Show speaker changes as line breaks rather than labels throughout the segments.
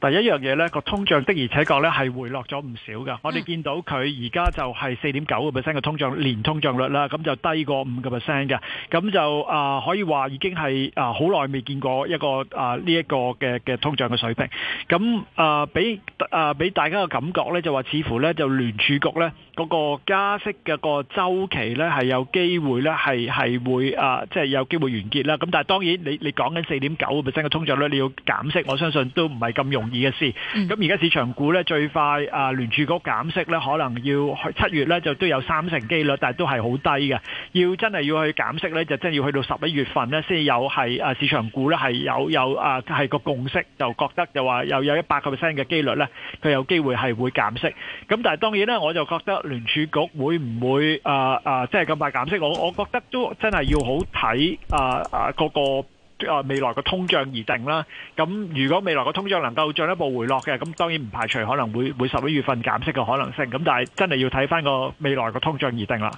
第一樣嘢咧，個通脹的而且確咧係回落咗唔少嘅。我哋見到佢而家就係四點九個 percent 嘅通脹，連通脹率啦，咁就低過五個 percent 嘅，咁就啊可以話已經係啊好耐未見過一個啊呢一個嘅嘅通脹嘅水平。咁啊俾啊俾大家嘅感覺咧，就話似乎咧就聯儲局咧嗰個加息嘅個週期咧係有機會咧係係會啊即係有機會完結啦。咁但係當然你你講緊四點九個 percent 嘅通脹率，你要減息，我相信都唔係咁容嘅事，咁而家市場股咧最快啊聯儲局減息咧，可能要七月咧就都有三成機率，但係都係好低嘅。要真係要去減息咧，就真係要去到十一月份咧先有係啊市場股咧係有有啊係個共識，就覺得又話又有一百個 percent 嘅機率咧，佢有機會係會減息。咁但係當然咧，我就覺得聯儲局會唔會啊啊即係咁快減息？我我覺得都真係要好睇啊啊嗰個。呃、未來個通脹而定啦。咁如果未來個通脹能夠進一步回落嘅，咁當然唔排除可能會會十一月份減息嘅可能性。咁但係真係要睇返個未來個通脹而定啦。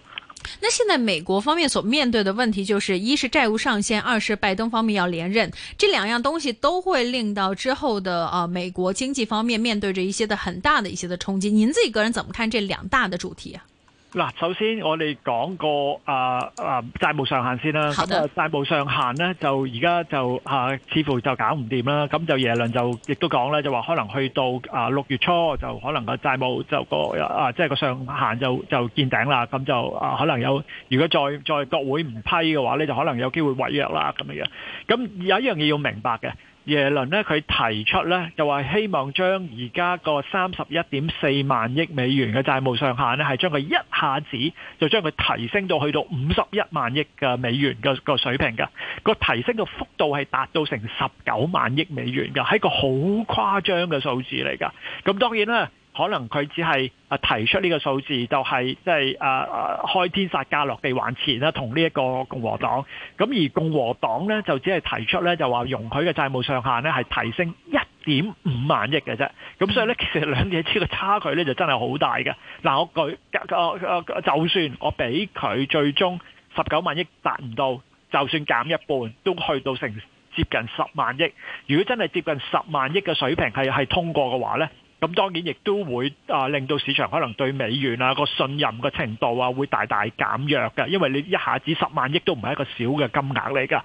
那現在美國方面所面對的問題就是，一是債務上限，二是拜登方面要連任，這兩樣東西都會令到之後的啊、呃、美國經濟方面面對着一些的很大的一些的衝擊。您自己個人怎麼看這兩大的主題啊？
嗱，首先我哋講個啊啊債務上限先啦。好的。債務上限咧，就而家就啊，似乎就搞唔掂啦。咁就耶倫就亦都講啦，就話可能去到啊六月初就可能個債務就個啊，即係個上限就就見頂啦。咁就啊，可能有如果再再國會唔批嘅話咧，就可能有機會違約啦咁樣。咁有一樣嘢要明白嘅。耶倫咧，佢提出咧，就話希望將而家個三十一點四萬億美元嘅債務上限咧，係將佢一下子就將佢提升到去到五十一萬億嘅美元嘅個水平㗎，個提升嘅幅度係達到成十九萬億美元㗎，係一個好誇張嘅數字嚟噶。咁當然啦。可能佢只係啊提出呢個數字，就係，就係即係啊開天殺價落地還錢啦，同呢一個共和黨。咁而共和黨咧就只係提出咧就話容許嘅債務上限咧係提升一點五萬億嘅啫。咁所以咧其實兩者之間嘅差距咧就真係好大嘅。嗱，我舉就算我俾佢最終十九萬億達唔到，就算減一半都去到成接近十萬億。如果真係接近十萬億嘅水平係係通過嘅話咧？咁當然亦都會啊，令到市場可能對美元啊個信任嘅程度啊，會大大減弱㗎，因為你一下子十萬億都唔係一個小嘅金額嚟㗎。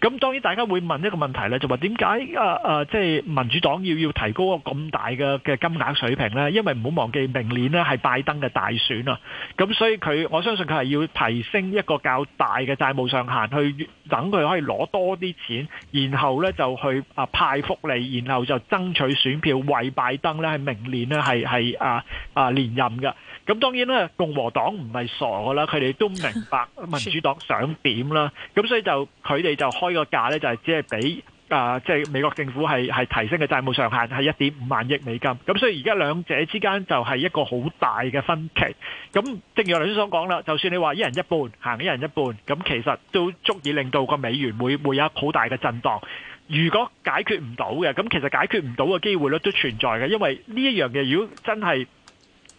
咁當然大家會問一個問題咧，就話點解啊即係民主黨要要提高個咁大嘅嘅金額水平咧？因為唔好忘記明年呢係拜登嘅大選啊。咁所以佢我相信佢係要提升一個較大嘅債務上限，去等佢可以攞多啲錢，然後咧就去啊派福利，然後就爭取選票，為拜登咧。明年咧係係啊啊連任噶，咁當然咧共和黨唔係傻噶啦，佢哋都明白民主黨想點啦，咁所以就佢哋就開個價呢，就係、是、只係俾啊即係、就是、美國政府係係提升嘅債務上限係一點五萬億美金，咁所以而家兩者之間就係一個好大嘅分歧，咁正如梁生所講啦，就算你話一人一半行一人一半，咁其實都足以令到個美元會會有好大嘅震盪。如果解決唔到嘅，咁其實解決唔到嘅機會率都存在嘅，因為呢一樣嘢，如果真係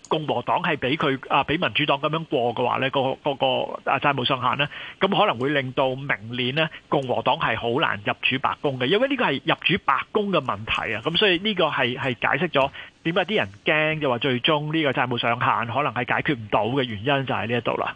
共和黨係俾佢啊俾民主黨咁樣過嘅話咧，呢個嗰個債務上限咧，咁可能會令到明年咧共和黨係好難入主白宮嘅，因為呢個係入主白宮嘅問題啊，咁所以呢個係係解釋咗點解啲人驚就話最終呢個債務上限可能係解決唔到嘅原因就喺呢一度啦。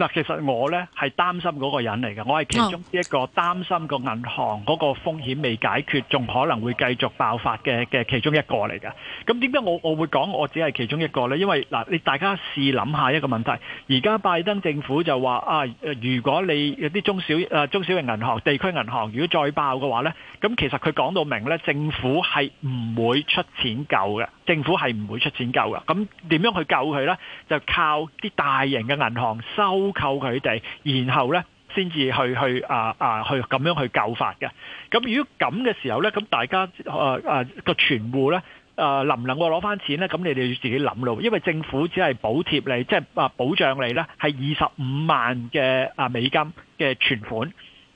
嗱，其實我咧係擔心嗰個人嚟嘅，我係其中一個擔心個銀行嗰個風險未解決，仲可能會繼續爆發嘅嘅其中一個嚟嘅。咁點解我我會講我只係其中一個呢？因為嗱，你大家試諗下一個問題，而家拜登政府就話啊，如果你有啲中小誒中小型銀行、地區銀行，如果再爆嘅話呢，咁其實佢講到明呢，政府係唔會出錢救嘅。政府係唔會出錢救㗎，咁點樣去救佢呢？就靠啲大型嘅銀行收購佢哋，然後呢先至去去啊啊去咁樣去救法嘅。咁如果咁嘅時候呢，咁大家誒誒個存戶呢，誒、啊、能唔能夠攞返錢呢？咁你哋要自己諗咯，因為政府只係補貼你，即係啊保障你呢係二十五萬嘅啊美金嘅存款。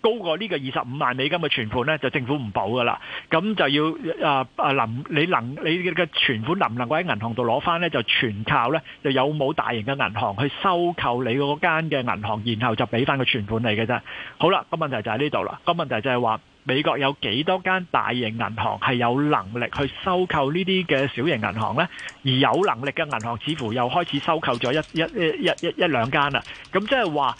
高過呢個二十五萬美金嘅存款呢，就政府唔保噶啦，咁就要啊啊能你能你嘅存款能唔能夠喺銀行度攞翻呢？就全靠呢，就有冇大型嘅銀行去收購你嗰間嘅銀行，然後就俾翻個存款你嘅啫。好啦，個問題就喺呢度啦。個問題就係話美國有幾多間大型銀行係有能力去收購呢啲嘅小型銀行呢？而有能力嘅銀行似乎又開始收購咗一一一一一,一,一兩間啦。咁即係話。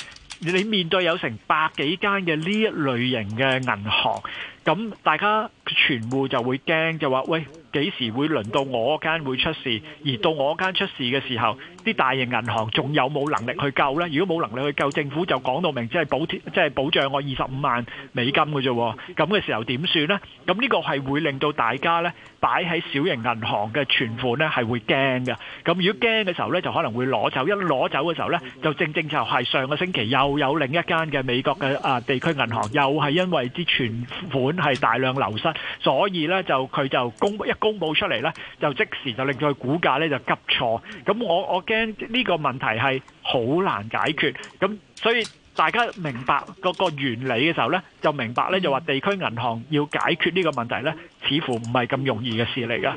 你面對有成百幾間嘅呢一類型嘅銀行，咁大家全部就會驚，就話：喂，幾時會輪到我間會出事？而到我間出事嘅時候。啲大型銀行仲有冇能力去救咧？如果冇能力去救，政府就講到明，即係補貼，即係保障我二十五萬美金嘅啫。咁嘅時候點算咧？咁呢個係會令到大家咧擺喺小型銀行嘅存款咧係會驚嘅。咁如果驚嘅時候咧，就可能會攞走。一攞走嘅時候咧，就正正就係上個星期又有另一間嘅美國嘅啊地區銀行又係因為啲存款係大量流失，所以咧就佢就公一公佈出嚟咧，就即時就令到佢股價咧就急挫。咁我我驚。呢個問題係好難解決，咁所以大家明白嗰個原理嘅時候咧，就明白咧就話地區銀行要解決呢個問題咧，似乎唔係咁容易嘅事嚟噶。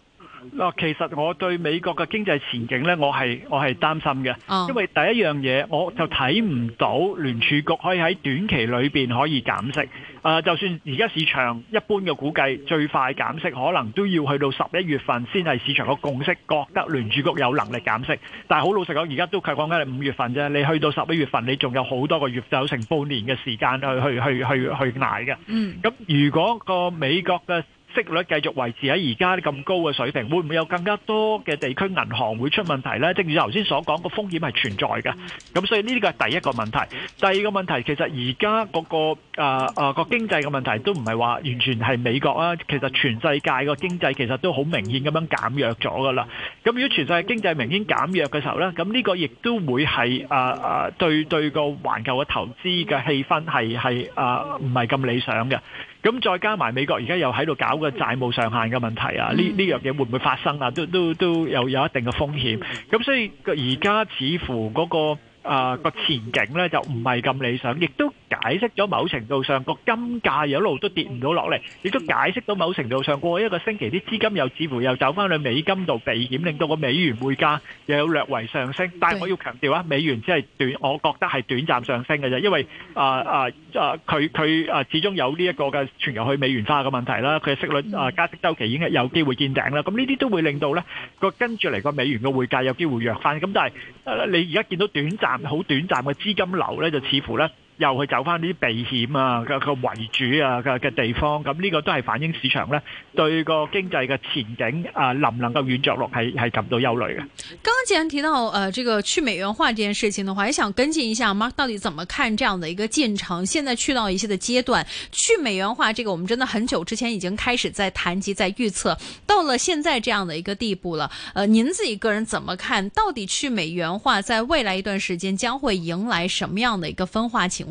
嗱，其實我對美國嘅經濟前景咧，我係我係擔心嘅，因為第一樣嘢我就睇唔到聯儲局可以喺短期裏面可以減息。Uh, 就算而家市場一般嘅估計，最快減息可能都要去到十一月份先係市場嘅共識覺得聯儲局有能力減息。但係好老實講，而家都係講緊係五月份啫。你去到十一月份，你仲有好多個月，有成半年嘅時間去去去去去買嘅。嗯。咁如果個美國嘅息率繼續維持喺而家咁高嘅水平，會唔會有更加多嘅地區銀行會出問題呢？正如頭先所講，個風險係存在嘅。咁所以呢個係第一個問題。第二個問題其實而家嗰個啊啊個經濟嘅問題都唔係話完全係美國啦。其實全世界個經濟其實都好明顯咁樣減弱咗噶啦。咁如果全世界經濟明顯減弱嘅時候呢，咁呢個亦都會係啊啊對對個環球嘅投資嘅氣氛係係啊唔係咁理想嘅。咁再加埋美國而家又喺度搞個債務上限嘅問題啊！呢呢樣嘢會唔會發生啊？都都都有有一定嘅風險。咁所以而家似乎嗰個。啊，個前景咧就唔係咁理想，亦都解釋咗某程度上個金價一路都跌唔到落嚟，亦都解釋到某程度上過一個星期啲資金又似乎又走翻去美金度避險，令到個美元匯價又有略為上升。但係我要強調啊，美元只係短，我覺得係短暫上升嘅啫，因為啊啊啊，佢佢啊，始終有呢一個嘅全球去美元化嘅問題啦，佢嘅息率啊加息週期已經有機會見頂啦，咁呢啲都會令到咧個跟住嚟個美元嘅匯價有機會弱翻。咁但係。你而家見到短暫、好短暫嘅資金流咧，就似乎咧。又去走翻啲避險啊嘅嘅為主啊嘅嘅地方，咁呢個都係反映市場呢對個經濟嘅前景啊、呃，能唔能夠軟着陸，係係感到憂慮嘅。剛
剛既然提到呃，這個去美元化這件事情的話，也想跟進一下 Mark 到底怎麼看這樣的一個進程，現在去到一些的階段，去美元化這個，我們真的很久之前已經開始在談及，在預測到了現在這樣的一個地步了。呃，您自己個人怎麼看？到底去美元化在未來一段時間將會迎來什麼樣的一個分化情況？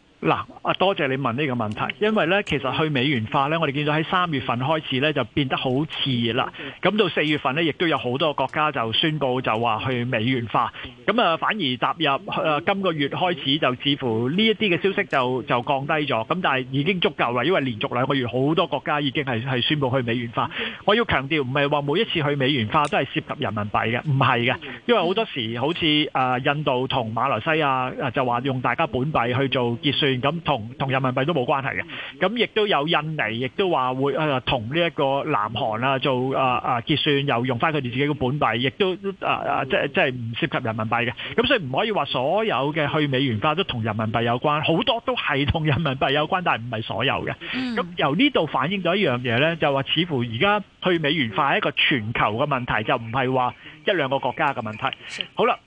嗱，啊多謝你問呢個問題，因為咧其實去美元化咧，我哋見到喺三月份開始咧就變得好熾熱啦。咁到四月份咧，亦都有好多個國家就宣布就話去美元化。咁啊反而踏入誒、呃、今個月開始就似乎呢一啲嘅消息就就降低咗。咁但係已經足夠啦，因為連續兩個月好多國家已經係係宣布去美元化。我要強調唔係話每一次去美元化都係涉及人民幣嘅，唔係嘅，因為好多時好似誒印度同馬來西亞誒就話用大家本幣去做結算。咁同同人民幣都冇關係嘅，咁亦都有印尼，亦都話會同呢一個南韓啊做啊啊結算，又用翻佢哋自己個本幣，亦都都啊即即係唔涉及人民幣嘅。咁所以唔可以話所有嘅去美元化都同人民幣有關，好多都係同人民幣有關，但係唔係所有嘅。咁、嗯、由呢度反映咗一樣嘢咧，就話似乎而家去美元化係一個全球嘅問題，就唔係話一兩個國家嘅問題。好啦。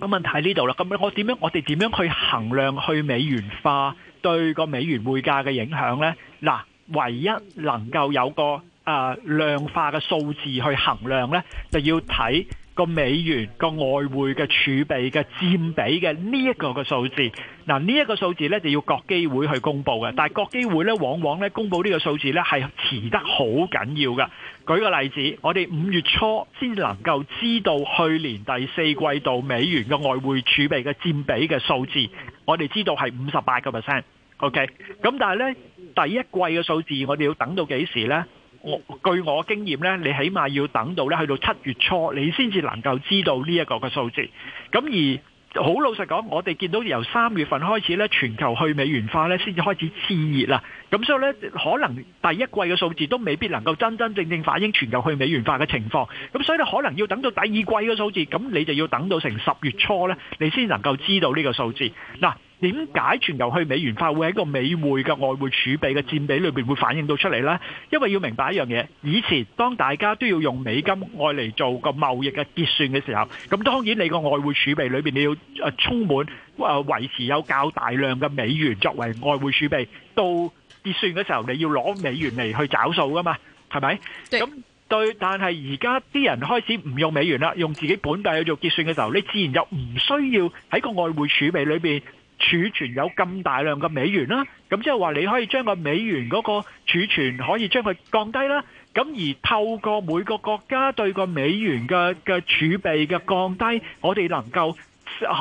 個問題喺呢度啦，咁我點樣我哋點樣去衡量去美元化對個美元匯價嘅影響咧？嗱，唯一能夠有個啊量化嘅數字去衡量咧，就要睇個美元個外匯嘅儲備嘅佔比嘅呢一個嘅數字，嗱呢一個數字咧就要國基會去公布嘅，但係國基會咧往往咧公布呢個數字咧係遲得好緊要㗎。舉個例子，我哋五月初先能夠知道去年第四季度美元嘅外匯儲備嘅佔比嘅數字，我哋知道係五十八個 percent。OK，咁但係咧第一季嘅數字，我哋要等到幾時呢？我據我經驗呢，你起碼要等到咧去到七月初，你先至能夠知道呢一個數字。咁而好老實講，我哋見到由三月份開始咧，全球去美元化咧先至開始熾熱啦。咁所以咧，可能第一季嘅數字都未必能夠真真正正反映全球去美元化嘅情況。咁所以咧，可能要等到第二季嘅數字，咁你就要等到成十月初咧，你先能夠知道呢個數字嗱。點解全球去美元化會喺一個美匯嘅外匯儲備嘅佔比裏邊會反映到出嚟呢？因為要明白一樣嘢，以前當大家都要用美金外嚟做個貿易嘅結算嘅時候，咁當然你個外匯儲備裏邊你要誒充滿誒維持有較大量嘅美元作為外匯儲備，到結算嘅時候你要攞美元嚟去找數噶嘛，係咪？咁對，但係而家啲人開始唔用美元啦，用自己本幣去做結算嘅時候，你自然又唔需要喺個外匯儲備裏邊。儲存有咁大量嘅美元啦，咁即係話你可以將個美元嗰個儲存可以將佢降低啦，咁而透過每個國家對個美元嘅嘅儲備嘅降低，我哋能夠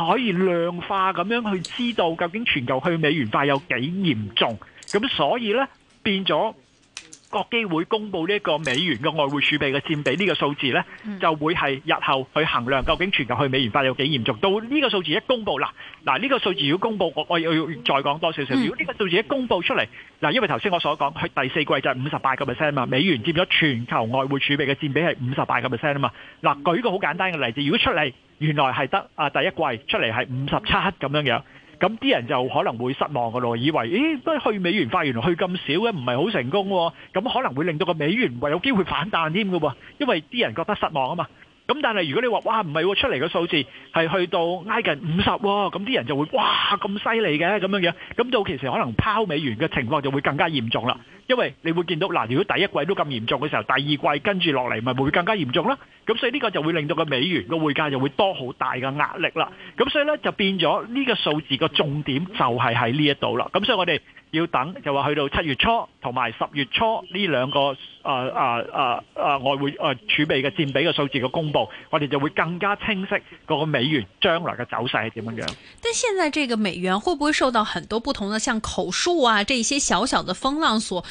可以量化咁樣去知道究竟全球去美元化有幾嚴重，咁所以呢變咗。個機會公布呢個美元嘅外匯儲備嘅佔比呢個數字呢，就會係日後去衡量究竟全球去美元化有幾嚴重。到呢個數字一公布，嗱，嗱呢個數字要公布，我我要再講多少少。如果呢個數字一公布出嚟，嗱，因為頭先我所講，佢第四季就係五十八個 percent 啊嘛，美元佔咗全球外匯儲備嘅佔比係五十八個 percent 啊嘛。嗱，舉個好簡單嘅例子，如果出嚟原來係得啊第一季出嚟係五十七咁樣樣，咁啲人就可能會失望嘅咯，以為咦，去美元化，原來去咁少嘅，唔係好成功喎。咁可能會令到個美元會有機會反彈添嘅喎，因為啲人覺得失望啊嘛。咁但係如果你話哇，唔係出嚟嘅數字係去到挨近五十，咁啲人就會哇咁犀利嘅咁樣樣，咁到其實可能拋美元嘅情況就會更加嚴重啦。因為你會見到嗱，如果第一季都咁嚴重嘅時候，第二季跟住落嚟咪會更加嚴重啦。咁所以呢個就會令到個美元個匯價就會多好大嘅壓力啦。咁所以呢，就變咗呢個數字嘅重點就係喺呢一度啦。咁所以我哋要等就話去到七月初同埋十月初呢兩個啊啊啊外匯啊儲備嘅佔比嘅數字嘅公布，我哋就會更加清晰嗰個美元將來嘅走勢係點樣。
但現在這個美元會不會受到很多不同的，像口述啊，這些小小的風浪所？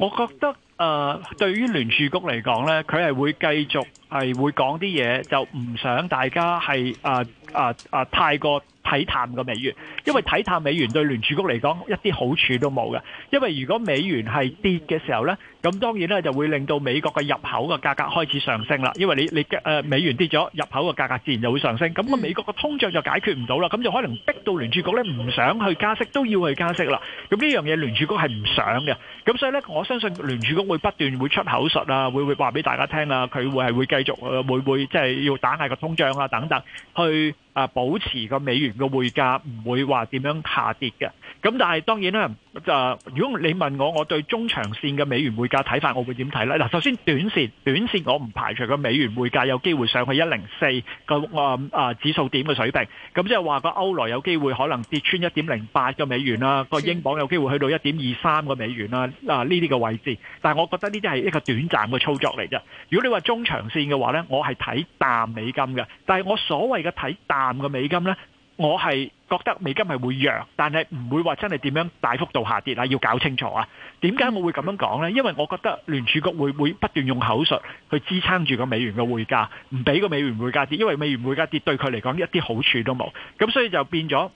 我覺得誒、呃，對於聯儲局嚟講呢，佢係會繼續係會講啲嘢，就唔想大家係誒誒誒太過睇淡個美元，因為睇淡美元對聯儲局嚟講一啲好處都冇嘅。因為如果美元係跌嘅時候呢，咁當然咧就會令到美國嘅入口嘅價格開始上升啦。因為你你嘅、呃、美元跌咗，入口嘅價格自然就會上升。咁美國嘅通脹就解決唔到啦。咁就可能逼到聯儲局咧唔想去加息都要去加息啦。咁呢樣嘢聯儲局係唔想嘅。咁所以呢，我相信聯儲局會不斷會出口術啊，會會話俾大家聽啦，佢會係會繼續、呃、會會即係要打壓個通脹啊等等去。啊，保持個美元嘅匯價唔會話點樣下跌嘅。咁但係當然啦，就如果你問我，我對中長線嘅美元匯價睇法，我會點睇咧？嗱，首先短線，短線我唔排除個美元匯價有機會上去一零四個啊啊、呃、指數點嘅水平。咁即係話個歐羅有機會可能跌穿一點零八個美元啦，個的英鎊有機會去到一點二三個美元啦。啊、呃，呢啲嘅位置。但係我覺得呢啲係一個短暫嘅操作嚟啫。如果你話中長線嘅話咧，我係睇淡美金嘅。但係我所謂嘅睇淡。廿五個美金呢，我係覺得美金係會弱，但係唔會話真係點樣大幅度下跌啦。要搞清楚啊，點解我會咁樣講呢？因為我覺得聯儲局會會不斷用口述去支撐住個美元嘅匯價，唔俾個美元匯價跌。因為美元匯價跌對佢嚟講一啲好處都冇，咁所以就變咗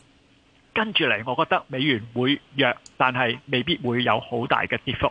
跟住嚟，我覺得美元會弱，但係未必會有好大嘅跌幅。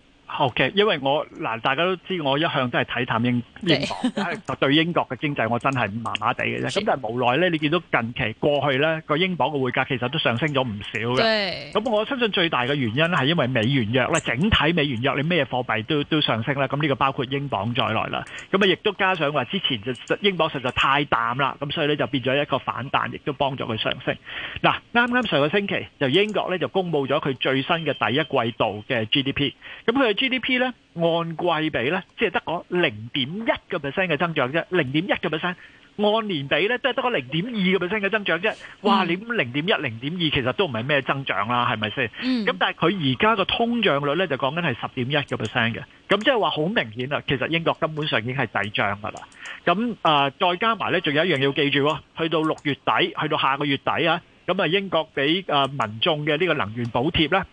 O.K.，因為我嗱，大家都知我一向都係睇淡英英鎊，因對， 對英國嘅經濟我真係麻麻地嘅啫。咁對但係無奈呢，你見到近期過去呢個英鎊嘅匯價其實都上升咗唔少嘅。咁對我相信最大嘅原因咧係因為美元弱啦，整體美元弱，你咩貨幣都都上升啦。咁、這、呢個包括英鎊在內啦。咁啊，亦都加上話之前就英鎊實在太淡啦，咁所以呢，就變咗一個反彈，亦都幫助佢上升。嗱，啱啱上個星期由英國呢，就公佈咗佢最新嘅第一季度嘅 GDP，咁佢。GDP 咧按季比咧，即係得個零點一個 percent 嘅增長啫，零點一個 percent。按年比咧，都係得個零點二個 percent 嘅增長啫。哇，你零點一、零點二，其實都唔係咩增長啦，係咪先？咁、mm. 但係佢而家個通脹率咧，就講緊係十點一個 percent 嘅。咁即係話好明顯啦，其實英國根本上已經係滯脹噶啦。咁啊、呃，再加埋咧，仲有一樣要記住、哦，去到六月底，去到下個月底啊，咁啊，英國俾啊民眾嘅呢個能源補貼咧。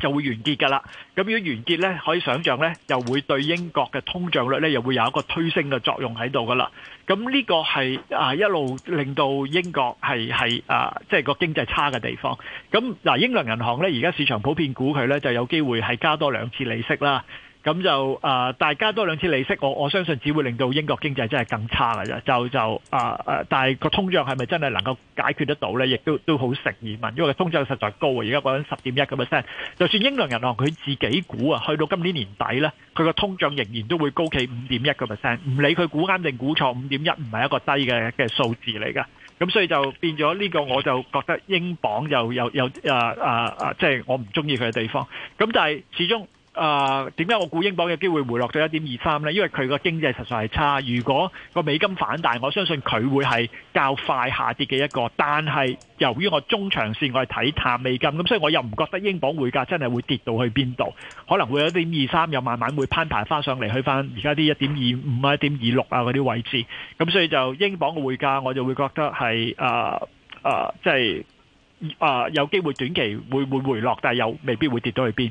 就會完結㗎啦，咁如果完結咧，可以想象咧，又會對英國嘅通脹率咧，又會有一個推升嘅作用喺度㗎啦。咁呢個係啊一路令到英國係係啊，即係個經濟差嘅地方。咁嗱、啊，英倫銀行咧，而家市場普遍估佢咧就有機會係加多兩次利息啦。咁就啊，大家多兩次利息，我我相信只會令到英國經濟真係更差嘅啫。就就啊啊，但係個通脹係咪真係能夠解決得到咧？亦都都好成疑問，因為個通脹實在高啊！而家講緊十點一個 percent，就算英倫銀行佢自己估啊，去到今年年底咧，佢個通脹仍然都會高企五點一個 percent。唔理佢估啱定估錯，五點一唔係一個低嘅嘅數字嚟㗎。咁所以就變咗呢個，我就覺得英鎊又有有啊啊啊，即係我唔中意佢嘅地方。咁但係始終。啊，點解、呃、我估英鎊嘅機會回落到一點二三呢？因為佢個經濟實在係差。如果個美金反彈，我相信佢會係較快下跌嘅一個。但係由於我中長線我係睇淡美金，咁所以我又唔覺得英鎊匯價真係會跌到去邊度，可能會有一點二三，又慢慢會攀爬翻上嚟，去翻而家啲一點二五啊、一點二六啊嗰啲位置。咁所以就英鎊嘅匯價，我就會覺得係啊啊，即係啊有機會短期會會回落，但係又未必會跌到去邊。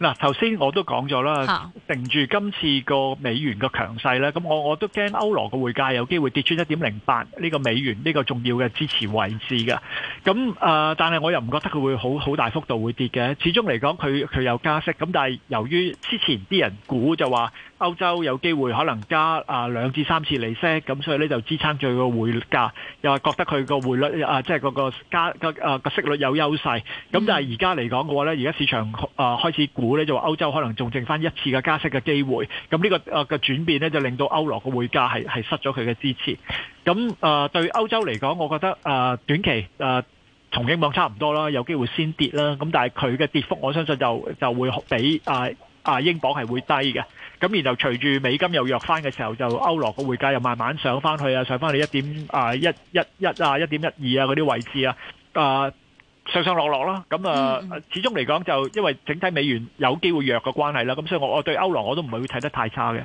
嗱，頭先我都講咗啦，定住今次個美元嘅強勢咧，咁我我都驚歐羅嘅匯價有機會跌穿一點零八呢個美元呢、呢個重要嘅支持位置嘅。咁誒、呃，但係我又唔覺得佢會好好大幅度會跌嘅。始終嚟講，佢佢有加息，咁但係由於之前啲人估就話歐洲有機會可能加啊兩至三次利息，咁所以呢就支撐住個匯價，又係覺得佢個匯率啊，即係嗰個加個啊個息率有優勢。咁但係而家嚟講嘅話呢，而家市場啊開始估。咧就話歐洲可能仲剩翻一次嘅加息嘅機會，咁呢、呢個誒嘅、啊、轉變呢，就令到歐羅嘅匯價係係失咗佢嘅支持，咁誒、啊、對歐洲嚟講，我覺得誒、啊、短期誒同、啊、英鎊差唔多啦，有機會先跌啦，咁但係佢嘅跌幅我相信就就會比誒誒、啊、英鎊係會低嘅，咁然後隨住美金又弱翻嘅時候，就歐羅嘅匯價又慢慢上翻去啊，上翻去一點啊一一一啊一點一二啊嗰啲位置啊，誒。上上落落啦，咁啊，始終嚟講就因為整體美元有機會弱嘅關係啦，咁所以我我對歐羅我都唔會睇得太差嘅。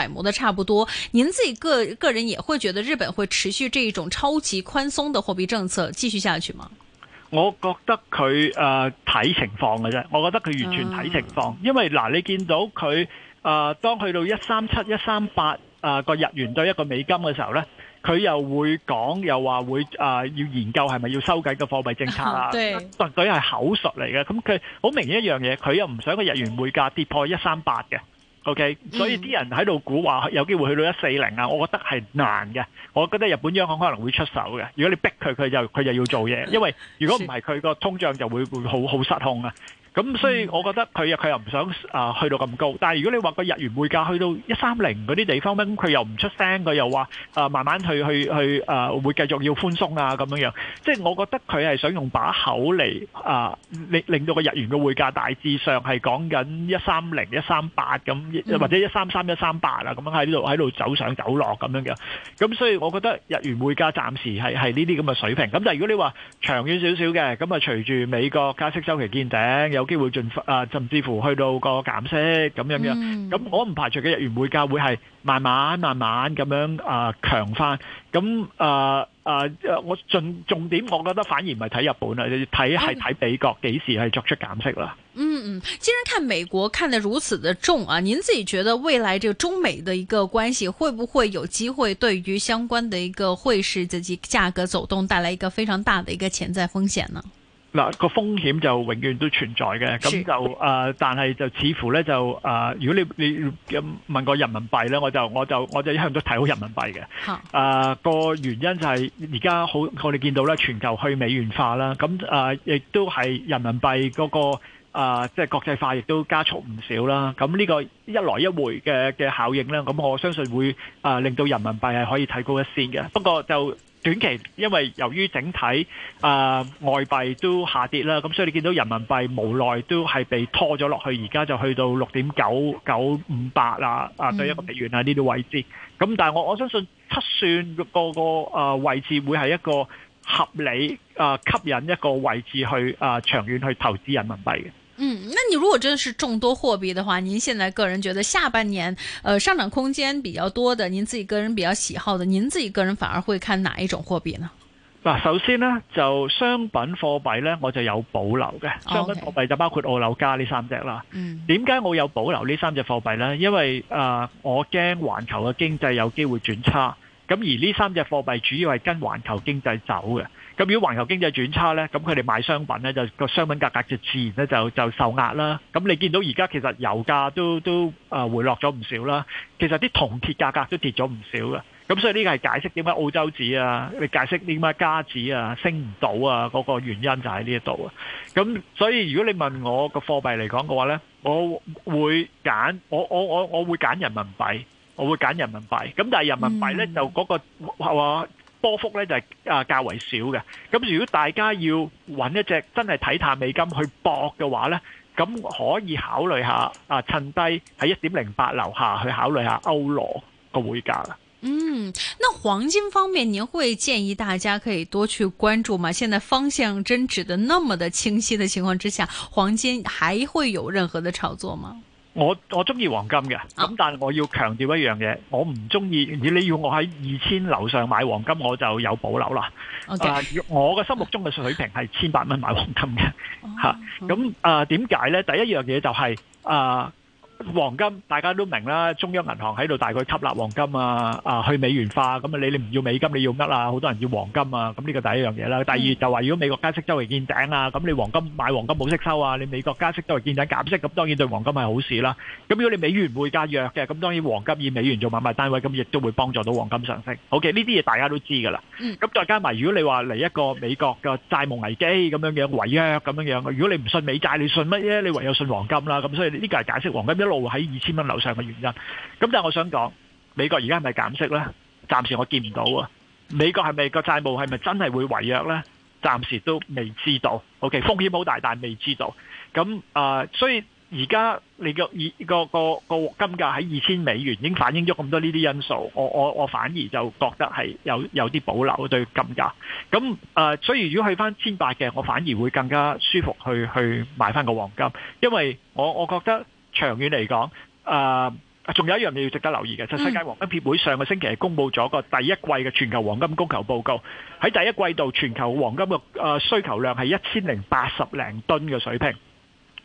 揣摩得差不多，您自己個個人也會覺得日本會持續這一種超級寬鬆的貨幣政策繼續下去嗎？
我覺得佢誒睇情況嘅啫，我覺得佢完全睇情況，嗯、因為嗱、呃、你見到佢誒、呃、當去到一三七一三八誒個日元對一個美金嘅時候呢，佢又會講又話會誒、呃、要研究係咪要收緊個貨幣政策啊，但佢係口述嚟嘅，咁佢好明顯一樣嘢，佢又唔想個日元匯價跌破一三八嘅。O.K.，嗯，所以啲人喺度估話有機會去到一四零啊，我覺得係難嘅。我覺得日本央行可能會出手嘅。如果你逼佢，佢就佢就要做嘢，因為如果唔係，佢個通脹就會會好好失控啊。咁所以我覺得佢又佢又唔想啊去到咁高，但係如果你話個日元匯價去到一三零嗰啲地方咧，咁佢又唔出聲，佢又話啊慢慢去去去啊會繼續要寬鬆啊咁樣樣，即係我覺得佢係想用把口嚟啊令令到個日元嘅匯價大致上係講緊一三零一三八咁，或者一三三一三八啦咁樣喺呢度喺度走上走落咁樣嘅。咁所以我覺得日元匯價暫時係係呢啲咁嘅水平。咁但係如果你話長遠少少嘅，咁啊隨住美國加息週期見頂又。有機會進啊、呃，甚至乎去到個減息咁樣樣。咁、嗯、我唔排除嘅日元匯價會係慢慢慢慢咁樣啊強、呃、翻。咁啊啊，我重重點，我覺得反而唔係睇日本啦，你睇係睇美國幾時係作出減息啦、
嗯。嗯嗯，既然看美國看得如此的重啊，您自己覺得未來這個中美的一個關係，會不會有機會對於相關的一個匯市自己價格走動帶來一個非常大的一個潛在風險呢？
嗱，個風險就永遠都存在嘅，咁就啊、呃，但係就似乎咧就啊、呃，如果你你咁問個人民幣咧，我就我就我就一向都睇好人民幣嘅。啊、呃、個原因就係而家好，我哋見到咧全球去美元化啦，咁啊、呃、亦都係人民幣嗰、那個即係、呃就是、國際化，亦都加速唔少啦。咁呢個一來一回嘅嘅效應咧，咁我相信會啊、呃、令到人民幣係可以提高一線嘅。不過就。短期因為由於整體啊外幣都下跌啦，咁所以你見到人民幣無奈都係被拖咗落去，而家就去到六點九九五八啦，啊對一個美元啊呢啲位置。咁但係我我相信測算個個啊位置會係一個合理啊吸引一個位置去啊長遠去投資人民幣嘅。
嗯，那你如果真是眾多貨幣的話，您現在個人覺得下半年，呃，上漲空間比較多的，您自己個人比較喜好的，您自己個人反而會看哪一種貨幣呢？
嗱，首先呢，就商品貨幣呢，我就有保留嘅，商品貨幣就包括澳紐加呢三隻啦。嗯、哦，okay，點解我有保留呢三隻貨幣呢？因為誒、呃、我驚環球嘅經濟有機會轉差，咁而呢三隻貨幣主要係跟環球經濟走嘅。咁如果環球經濟轉差咧，咁佢哋買商品咧，就個商品價格就自然咧就就受壓啦。咁你見到而家其實油價都都啊回落咗唔少啦。其實啲銅鐵價格都跌咗唔少嘅。咁所以呢個係解釋點解澳洲紙啊，你解釋點解加紙啊升唔到啊嗰個原因就喺呢一度啊。咁所以如果你問我個貨幣嚟講嘅話咧，我會揀我我我我會揀人民幣，我會揀人民幣。咁但係人民幣咧就嗰個係話。波幅咧就係、是、啊較為少嘅。咁如果大家要揾一隻真係睇淡美金去搏嘅話咧，咁可以考慮下啊，趁低喺一點零八樓下去考慮下歐羅個匯價啦。
嗯，那黃金方面，您會建議大家可以多去關注嗎？現在方向真指得那麼的清晰的情況之下，黃金還會有任何的炒作嗎？
我我中意黃金嘅，咁但係我要強調一樣嘢，我唔中意，你你要我喺二千樓上買黃金，我就有保留啦 Okay.、呃。我嘅心目中嘅水平係千八蚊買黃金嘅，吓咁、oh, okay. 啊？點解呢？第一樣嘢就係、是、啊。呃黃金大家都明啦，中央銀行喺度大概吸納黃金啊，啊去美元化咁啊，你你唔要美金，你要乜啊，好多人要黃金啊，咁呢個第一樣嘢啦。第二就話如果美國加息周圍見頂啊，咁你黃金買黃金冇息收啊，你美國加息周圍見頂減息，咁當然對黃金係好事啦。咁如果你美元唔會加約嘅，咁當然黃金以美元做買賣單位，咁亦都會幫助到黃金上升。OK，呢啲嘢大家都知㗎啦。咁再加埋如果你話嚟一個美國嘅債務危機咁樣樣違約咁樣樣，如果你唔信美債，你信乜嘢？你唯有信黃金啦。咁所以呢個係解釋黃金一路喺二千蚊樓上嘅原因，咁但係我想講，美國而家係咪減息呢？暫時我見唔到啊。美國係咪個債務係咪真係會違約呢？暫時都未知道。OK，風險好大，但係未知道。咁啊、呃，所以而家你個、你個、個個金價喺二千美元，已經反映咗咁多呢啲因素。我我我反而就覺得係有有啲保留對金價。咁啊、呃，所以如果去翻千八嘅，我反而會更加舒服去去買翻個黃金，因為我我覺得。長遠嚟講，啊、呃，仲有一樣嘢要值得留意嘅，就是，世界黃金協會上個星期公布咗個第一季嘅全球黃金供求報告。喺第一季度全球黃金嘅需求量係一千零八十零噸嘅水平。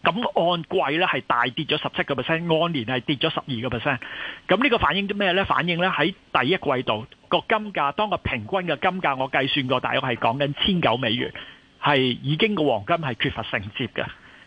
咁按季咧係大跌咗十七個 percent，按年係跌咗十二個 percent。咁呢個反映咗咩呢？反映呢，喺第一季度個金價，當個平均嘅金價，我計算過，大約係講緊千九美元，係已經個黃金係缺乏承接嘅。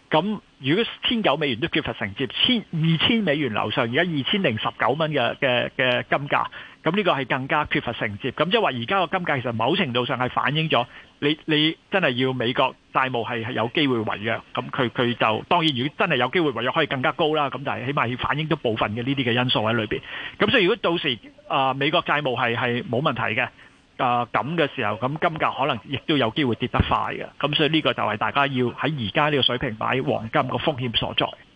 咁如果千九美元都缺乏承接，千二千美元樓上而家二千零十九蚊嘅嘅嘅金價，咁呢個係更加缺乏承接。咁即係話而家個金價其實某程度上係反映咗你你真係要美國債務係係有機會違約，咁佢佢就當然如果真係有機會違約，可以更加高啦。咁但係起碼要反映到部分嘅呢啲嘅因素喺裏邊。咁所以如果到時啊美國債務係係冇問題嘅。啊咁嘅時候，咁金價可能亦都有機會跌得快嘅，咁所以呢個就係大家要喺而家呢個水平買黃金嘅風險所在。